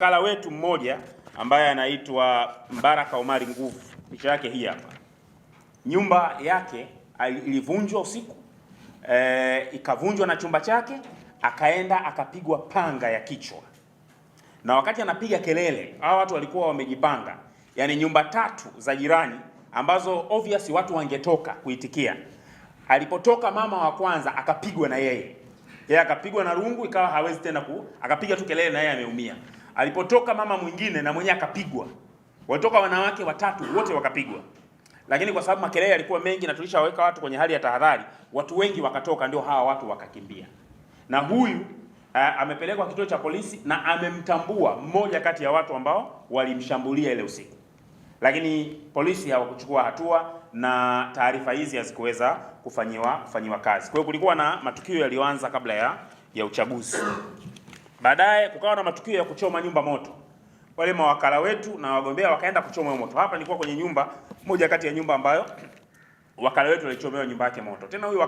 Wakala wetu mmoja ambaye anaitwa Mbaraka Omari Nguvu, picha yake hii hapa. Nyumba yake ilivunjwa usiku e, ikavunjwa na chumba chake, akaenda akapigwa panga ya kichwa, na wakati anapiga kelele, hao watu walikuwa wamejipanga, yaani nyumba tatu za jirani ambazo obviously watu wangetoka kuitikia. Alipotoka mama wa kwanza akapigwa na yeye, yeye akapigwa na rungu, ikawa hawezi tena ku, akapiga tu kelele na yeye ameumia. Alipotoka mama mwingine na mwenye akapigwa, walitoka wanawake watatu wote wakapigwa, lakini kwa sababu makelele yalikuwa mengi na tulishaweka watu kwenye hali ya tahadhari, watu wengi wakatoka, ndio hawa watu wakakimbia. Na huyu uh, amepelekwa kituo cha polisi na amemtambua mmoja kati ya watu ambao walimshambulia ile usiku, lakini polisi hawakuchukua hatua na taarifa hizi hazikuweza kufanyiwa kufanyiwa kazi. Kwa hiyo kulikuwa na matukio yaliyoanza kabla ya ya uchaguzi. Baadaye kukawa na matukio ya kuchoma nyumba moto, wale mawakala wetu na wagombea wakaenda kuchoma moto. Hapa nilikuwa kwenye nyumba moja kati ya nyumba ambayo wakala wetu walichomewa nyumba yake moto tena huyu